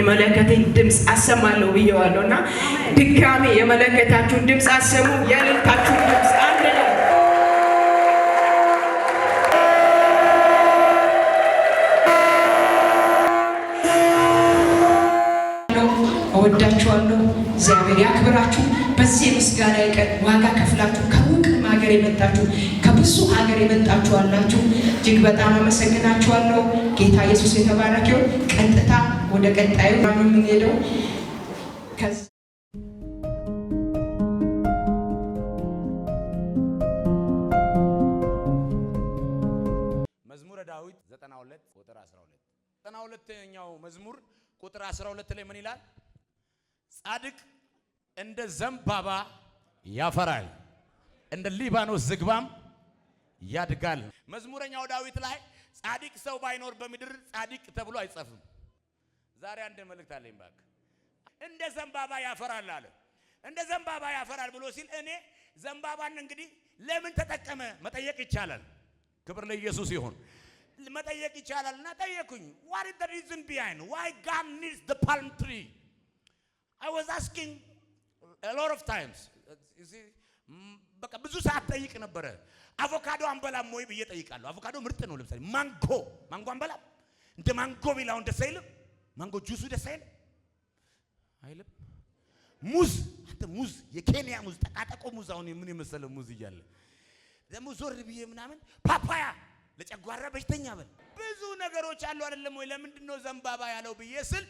የመለከቴን ድምፅ አሰማለሁ ብየዋለሁ እና ድጋሜ የመለከታችሁን ድምፅ አሰሙ። የእልልታችሁን ድምፅ አንድ ነው። እወዳችኋለሁ። እግዚአብሔር ያክብራችሁ። በዚህ ምስጋና ቀን ዋጋ ከፍላችሁ ከሩቅ ሀገር የመጣችሁ ከብዙ ሀገር የመጣችሁ አላችሁ። እጅግ በጣም አመሰግናችኋለሁ። ጌታ ኢየሱስ የተባረከው ቀጥታ ወደ ቀጣዩ የምንሄደው መዝሙረ ዳዊት 92 ቁጥር 12 92ኛው መዝሙር ቁጥር 12 ላይ ምን ይላል? ጻድቅ እንደ ዘንባባ ያፈራል፣ እንደ ሊባኖስ ዝግባም ያድጋል። መዝሙረኛው ዳዊት ላይ ጻድቅ ሰው ባይኖር በምድር ጻድቅ ተብሎ አይጻፍም። ዛሬ አንድ መልእክት አለኝ እባክህ። እንደ ዘንባባ ያፈራል አለ። እንደ ዘንባባ ያፈራል ብሎ ሲል እኔ ዘንባባን እንግዲህ ለምን ተጠቀመ መጠየቅ ይቻላል። ክብር ለኢየሱስ ይሁን። መጠየቅ ይቻላል እና ጠየኩኝ። ዋት ኢዝ ዘ ሪዝን ቢሃይንድ ዋይ ጋድ ኒድስ ዘ ፓልም ትሪ አይ ዋዝ አስኪንግ ኤ ሎት ኦፍ ታይምስ በቃ ብዙ ሰዓት ጠይቅ ነበረ። አቮካዶ አንበላም ወይ ብዬ ጠይቃለሁ። አቮካዶ ምርጥ ነው። ለምሳሌ ማንጎ ማንጎ አንበላም። እንደ ማንጎ ቢላው ደስ ሰይልም ማንጎ ጁሱ ደስ አይል አይልም? ሙዝ አንተ ሙዝ የኬንያ ሙዝ ጠቃጠቆ ሙዝ አሁን ምን የመሰለ ሙዝ እያለ ደግሞ ዞር ብዬ ምናምን ፓፓያ ለጨጓራ በሽተኛ በል ብዙ ነገሮች አሉ አይደለም ወይ? ለምንድን ነው ዘንባባ ያለው ብዬ ስል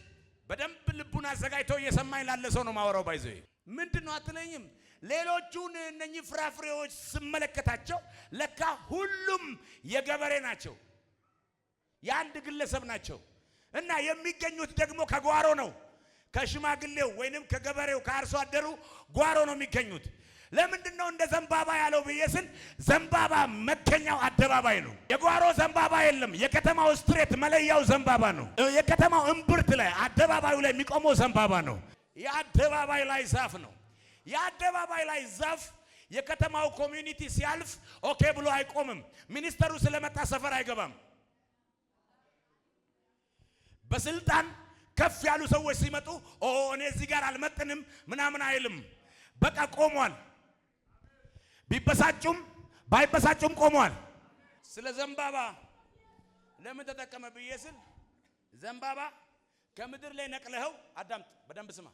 በደንብ ልቡን አዘጋጅተው እየሰማኝ ላለ ሰው ነው ማወራው። ባይዘ ምንድን ነው አትለኝም? ሌሎቹን እነኚህ ፍራፍሬዎች ስመለከታቸው ለካ ሁሉም የገበሬ ናቸው፣ የአንድ ግለሰብ ናቸው። እና የሚገኙት ደግሞ ከጓሮ ነው። ከሽማግሌው ወይንም ከገበሬው ከአርሶ አደሩ ጓሮ ነው የሚገኙት። ለምንድን ነው እንደ ዘንባባ ያለው ብዬ ስን ዘንባባ መገኛው አደባባይ ነው። የጓሮ ዘንባባ የለም። የከተማው ስትሬት መለያው ዘንባባ ነው። የከተማው እምብርት ላይ አደባባዩ ላይ የሚቆመው ዘንባባ ነው። የአደባባይ ላይ ዛፍ ነው። የአደባባይ ላይ ዛፍ የከተማው ኮሚኒቲ ሲያልፍ ኦኬ ብሎ አይቆምም። ሚኒስተሩ ስለመጣ ሰፈር አይገባም። በስልጣን ከፍ ያሉ ሰዎች ሲመጡ ኦ እኔ እዚህ ጋር አልመጥንም ምናምን አይልም። በቃ ቆሟል። ቢበሳጩም ባይበሳጩም ቆሟል። ስለ ዘንባባ ለምን ተጠቀመ ብዬ ስል ዘንባባ ከምድር ላይ ነቅለኸው፣ አዳምጥ በደንብ ስማ።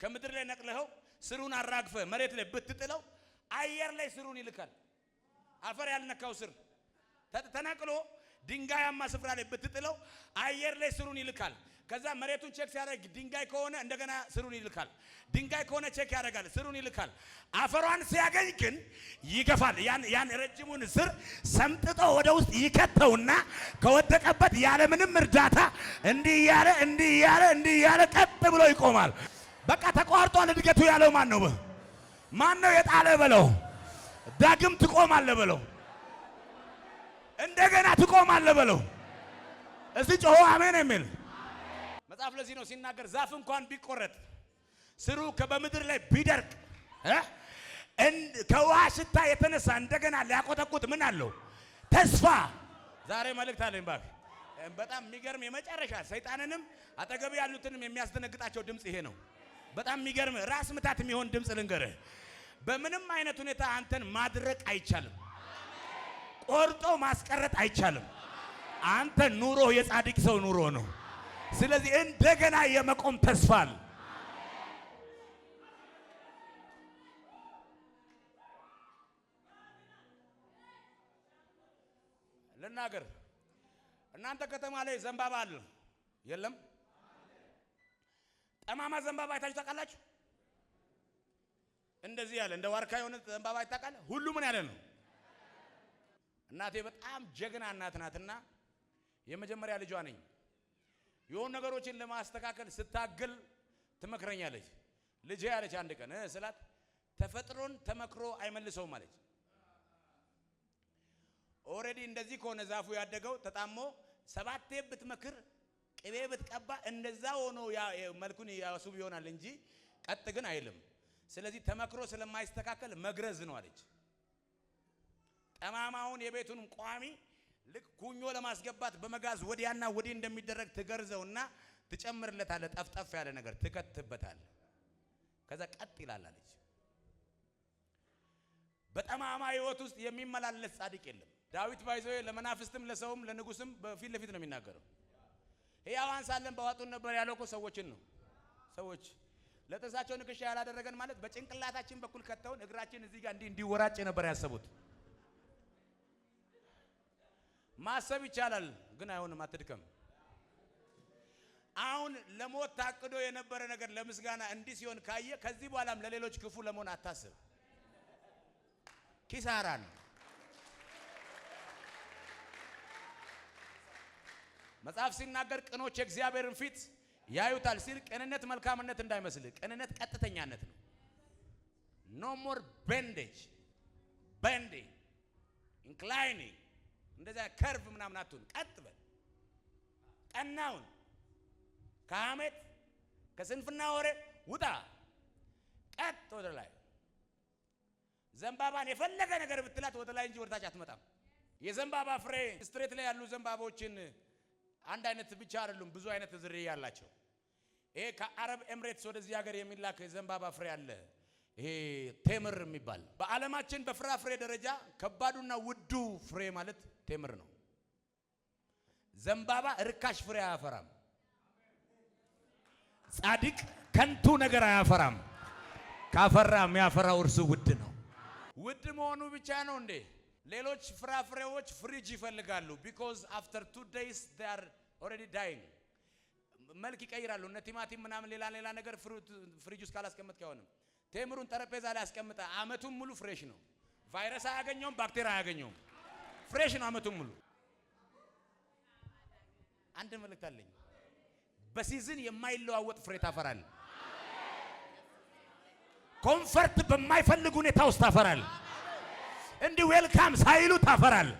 ከምድር ላይ ነቅለኸው ስሩን አራግፈ መሬት ላይ ብትጥለው አየር ላይ ስሩን ይልካል። አፈር ያልነካው ስር ተነቅሎ ድንጋያማ ስፍራ ላይ ብትጥለው አየር ላይ ስሩን ይልካል። ከዛ መሬቱን ቼክ ሲያደርግ ድንጋይ ከሆነ እንደገና ስሩን ይልካል። ድንጋይ ከሆነ ቼክ ያደርጋል፣ ስሩን ይልካል። አፈሯን ሲያገኝ ግን ይገፋል። ያን ረጅሙን ስር ሰምጥጦ ወደ ውስጥ ይከተውና ከወደቀበት ምንም እርዳታ እንዲህ እያለ እንዲህ እያለ እንዲህ እያለ ቀጥ ብሎ ይቆማል። በቃ ተቋርጧል እድገቱ ያለው ማን ነው? ማን ነው የጣለ በለው። ዳግም ትቆማለ በለው። እንደገና ትቆማለህ በለው። እስቲ ጮሆ አሜን የሚል መጽሐፍ ለዚህ ነው ሲናገር ዛፍ እንኳን ቢቆረጥ ስሩ በምድር ላይ ቢደርቅ ከውሃ ሽታ የተነሳ እንደገና ሊያቆጠቁጥ ምን አለው ተስፋ። ዛሬ መልእክት አለኝ ባክ። በጣም የሚገርም የመጨረሻ ሰይጣንንም አጠገብ ያሉትንም የሚያስደነግጣቸው ድምፅ ይሄ ነው። በጣም የሚገርም ራስ ምታት የሚሆን ድምፅ ልንገርህ። በምንም አይነት ሁኔታ አንተን ማድረቅ አይቻልም። ቆርጦ ማስቀረት አይቻልም። አንተ ኑሮ የጻድቅ ሰው ኑሮ ነው። ስለዚህ እንደገና የመቆም ተስፋ አለ። ልናገር፣ እናንተ ከተማ ላይ ዘንባባ አለ የለም? ጠማማ ዘንባባ አይታችሁ ታውቃላችሁ? እንደዚህ ያለ እንደ ዋርካ የሆነ ዘንባባ ሁሉ ምን ያለ ነው እናቴ በጣም ጀግና እናት ናትና የመጀመሪያ ልጇ ነኝ። የሆኑ ነገሮችን ለማስተካከል ስታግል ትመክረኛለች። ልጄ ያለች አንድ ቀን ስላት ተፈጥሮን ተመክሮ አይመልሰውም አለች። ኦልሬዲ እንደዚህ ከሆነ ዛፉ ያደገው ተጣሞ ሰባቴ ብትመክር ቅቤ ብትቀባ እንደዛ ሆኖ መልኩን ያሱብ ይሆናል እንጂ ቀጥ ግን አይልም። ስለዚህ ተመክሮ ስለማይስተካከል መግረዝ ነው አለች። ጠማማውን የቤቱንም ቋሚ ልክ ጉኞ ለማስገባት በመጋዝ ወዲያና ወዲህ እንደሚደረግ ትገርዘውና ትጨምርለታለህ። ጠፍጠፍ ያለ ነገር ትከትበታለህ። ከዛ ቀጥ ይላል አለች። በጠማማ ህይወት ውስጥ የሚመላለስ ጻድቅ የለም። ዳዊት ባይዘው ለመናፍስትም ለሰውም ለንጉስም በፊት ለፊት ነው የሚናገረው። ሕያዋን ሳለን በዋጡን ነበር ያለው እኮ ሰዎችን ነው። ሰዎች ለጥርሳቸው ንክሻ ያላደረገን ማለት በጭንቅላታችን በኩል ከተውን እግራችን እዚህ ጋር እንዲህ እንዲወራጭ ነበር ያሰቡት። ማሰብ ይቻላል፣ ግን አይሆንም። አትድከም። አሁን ለሞት ታቅዶ የነበረ ነገር ለምስጋና እንዲህ ሲሆን ካየ ከዚህ በኋላም ለሌሎች ክፉ ለመሆን አታስብ። ኪሳራ ነው። መጽሐፍ ሲናገር ቅኖች የእግዚአብሔርን ፊት ያዩታል ሲል ቅንነት መልካምነት እንዳይመስል ቅንነት ቀጥተኛነት ነው። ኖ ሞር ቤንዴጅ ቤንዲንግ ኢንክላይኒንግ እንደዛ ከርቭ ምናምን አትሁን፣ ቀጥ በል ቀናውን ከአመት ከስንፍና ወሬ ውጣ፣ ቀጥ ወደ ላይ። ዘንባባን የፈለገ ነገር ብትላት ወደ ላይ እንጂ ወደታች አትመጣም። የዘንባባ ፍሬ ስትሬት ላይ ያሉ ዘንባባዎችን አንድ አይነት ብቻ አይደሉም፣ ብዙ አይነት ዝርያ ያላቸው። ይሄ ከአረብ ኤምሬትስ ወደዚህ ሀገር የሚላክ የዘንባባ ፍሬ አለ። ይሄ ቴምር የሚባል በዓለማችን በፍራፍሬ ደረጃ ከባዱና ውዱ ፍሬ ማለት ቴምር ነው። ዘንባባ ርካሽ ፍሬ አያፈራም። ጻድቅ ከንቱ ነገር አያፈራም። ካፈራ የሚያፈራው እርሱ ውድ ነው። ውድ መሆኑ ብቻ ነው እንዴ? ሌሎች ፍራፍሬዎች ፍሪጅ ይፈልጋሉ። ቢኮዝ አፍተር ቱ ደይስ ዴይ አር ኦልሬዲ ዳይንግ መልክ ይቀይራሉ። እነ ቲማቲም ምናምን ሌላ ሌላ ነገር ፍሪጅ ውስጥ ካላስቀመጥክ አይሆንም። ቴምሩን ጠረጴዛ ላይ አስቀምጠ አመቱን ሙሉ ፍሬሽ ነው። ቫይረስ አያገኘውም፣ ባክቴሪያ አያገኘውም። ፍሬሽ ነው አመቱን ሙሉ። አንድ መልእክት አለኝ። በሲዝን የማይለዋወጥ ፍሬ ታፈራል። ኮንፈርት በማይፈልግ ሁኔታ ውስጥ ታፈራል። እንዲህ ዌልካም ሳይሉ ታፈራል።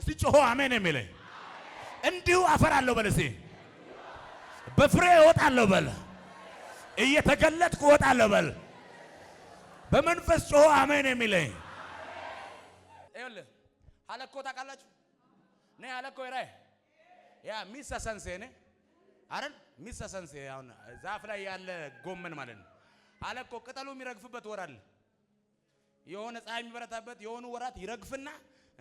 እስቲ ጮሆ አሜን የሚለኝ እንዲሁ አፈራለሁ በል። እስቲ በፍሬ እወጣለሁ በል እየተገለጥኩ እወጣለሁ በል። በመንፈስ ጮሆ አሜን የሚለኝ ይኸውልህ። አለኮ ታውቃላችሁ ነ አለኮ ራይ ያ ሚሰሰንሴ ነ አረን ሚሰሰንሴ አሁን ዛፍ ላይ ያለ ጎመን ማለት ነው። አለኮ ቅጠሉ የሚረግፍበት ወር አለ። የሆነ ፀሐይ የሚበረታበት የሆኑ ወራት ይረግፍና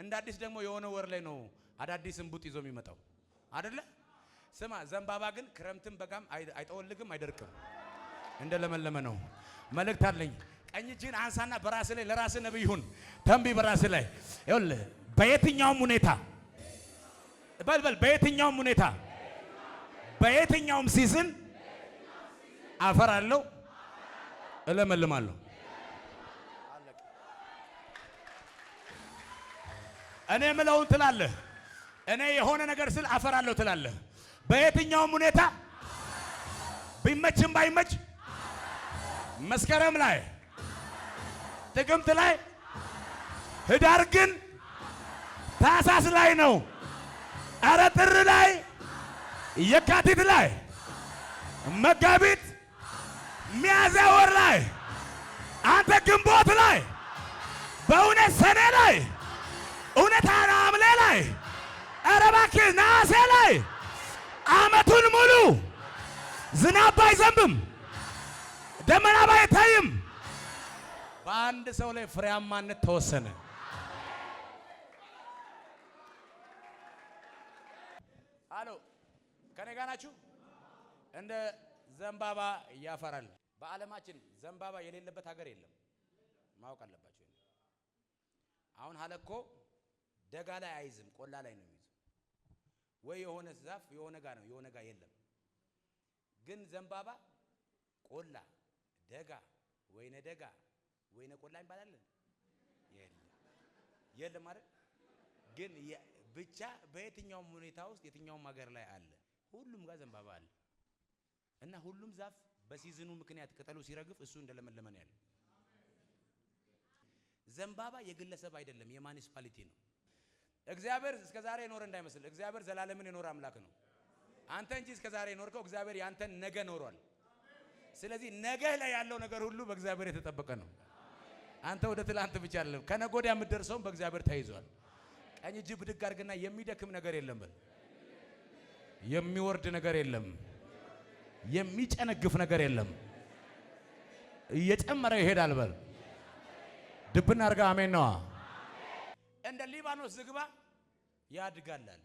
እንደ አዲስ ደግሞ የሆነ ወር ላይ ነው አዳዲስ እምቡጥ ይዞ የሚመጣው አይደለ? ስማ ዘንባባ ግን ክረምትም በጋም አይጠወልግም፣ አይደርቅም። እንደ ለመለመ ነው። መልእክት አለኝ። ቀኝ ጅን አንሳና በራስ ላይ ለራስ ነብይ ይሁን ተንቢ በራስ ላይ ይኸውልህ፣ በየትኛውም ሁኔታ በልበል፣ በየትኛውም ሁኔታ በየትኛውም ሲዝን አፈራለሁ፣ እለመልማለሁ። እኔ የምለውን ትላለህ። እኔ የሆነ ነገር ስል አፈራለሁ ትላለህ። በየትኛውም ሁኔታ ቢመችም ባይመች መስከረም ላይ፣ ጥቅምት ላይ፣ ህዳር ግን ታህሳስ ላይ ነው። አረ ጥር ላይ፣ የካቲት ላይ፣ መጋቢት፣ ሚያዝያ ወር ላይ፣ አንተ ግንቦት ላይ፣ በእውነት ሰኔ ላይ፣ እውነት ሐምሌ ላይ፣ አረ እባክህ ነሐሴ ላይ አመቱን ሙሉ ዝናብ አይዘንብም። ደመና ባይታይም በአንድ ሰው ላይ ፍሬያማነት ተወሰነ። አሎ ከኔ ጋር ናችሁ? እንደ ዘንባባ ያፈራል። በዓለማችን ዘንባባ የሌለበት ሀገር የለም። ማወቅ አለባቸው። አሁን ሀለኮ ደጋ ላይ አይዝም፣ ቆላ ላይ ነው የሚይዘው። ወይ የሆነ ዛፍ የሆነ ጋ ነው የሆነ ጋ የለም። ግን ዘንባባ ቆላ ደጋ ወይነ ደጋ ወይነ ቆላ እንባላለን የለም የለም አይደል? ግን ብቻ በየትኛውም ሁኔታ ውስጥ የትኛውም ሀገር ላይ አለ። ሁሉም ጋር ዘንባባ አለ እና ሁሉም ዛፍ በሲዝኑ ምክንያት ቅጠሉ ሲረግፍ እሱ እንደለመለመ ነው ያለው። ዘንባባ የግለሰብ አይደለም፣ የማኒስፓሊቲ ነው። እግዚአብሔር እስከዛሬ የኖረ እንዳይመስል፣ እግዚአብሔር ዘላለምን የኖረ አምላክ ነው። አንተ እንጂ እስከዛሬ የኖርከው እግዚአብሔር ያንተን ነገ ኖሯል። ስለዚህ ነገህ ላይ ያለው ነገር ሁሉ በእግዚአብሔር የተጠበቀ ነው። አንተ ወደ ትላንት ብቻ አይደለም፣ ከነገ ወዲያ የምትደርሰውም በእግዚአብሔር ተይዟል። ቀኝ እጅ ብድግ አድርግና የሚደክም ነገር የለም በል። የሚወርድ ነገር የለም። የሚጨነግፍ ነገር የለም። እየጨመረ ይሄዳል በል። ድብና አድርጋ አሜን ነዋ። እንደ ሊባኖስ ዝግባ ያድጋል